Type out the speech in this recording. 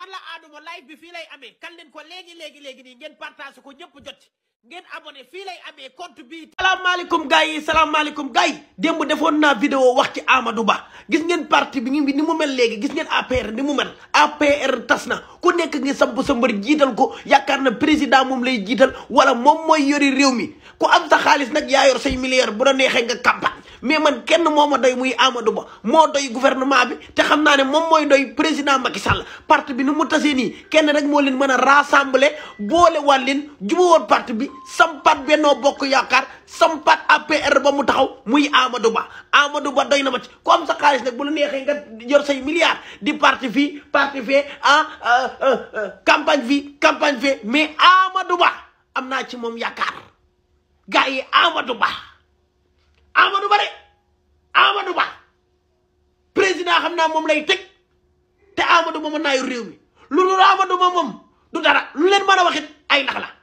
alla aaduma live bi fii lay amee kan leen ko léegi léegi léegi nii ngeen partage ko ñëpp jot ngeen abonné fii lay amee compte bi salaamaaleykum gars yi salaamaaleykum gars yi démb defoon naa vidéo wax ci Amadou Ba gis ngeen parti bi ni mu mel léegi gis ngeen APR ni mu mel APR tas na ku nekk ngi samp sa mbër jiital ko yaakaar na président moom lay jiital wala moom mooy yori réew mi ku am sa xaalis nag yaa yor say milliards bu la neexee nga campagne mais man kenn moo ma doy muy Amadou Ba moo doy guvernement bi te xam naa ne moom mooy doy président Macky Sall parti bi nu mu tasee nii kenn rek moo leen mën a rassembler boole waat leen jubawoon parti bi sampat Benno Bokk Yaakaar sampat APR ba mu taxaw muy Amadou Ba Amadou Ba doy na ma ci ku am sa xaalis bu la neexee nga jor say milliards di parti fii parti fee ah euh, euh, euh, campagne fii campagne fee mais Amadou Ba am naa ci moom yaakaar gars yi Amadou Ba Ba xam naa moom lay tëj te Amadou Ba mën naa yor réew mi lu dul Amadou Ba moom du dara lu leen mën a waxit ay nax la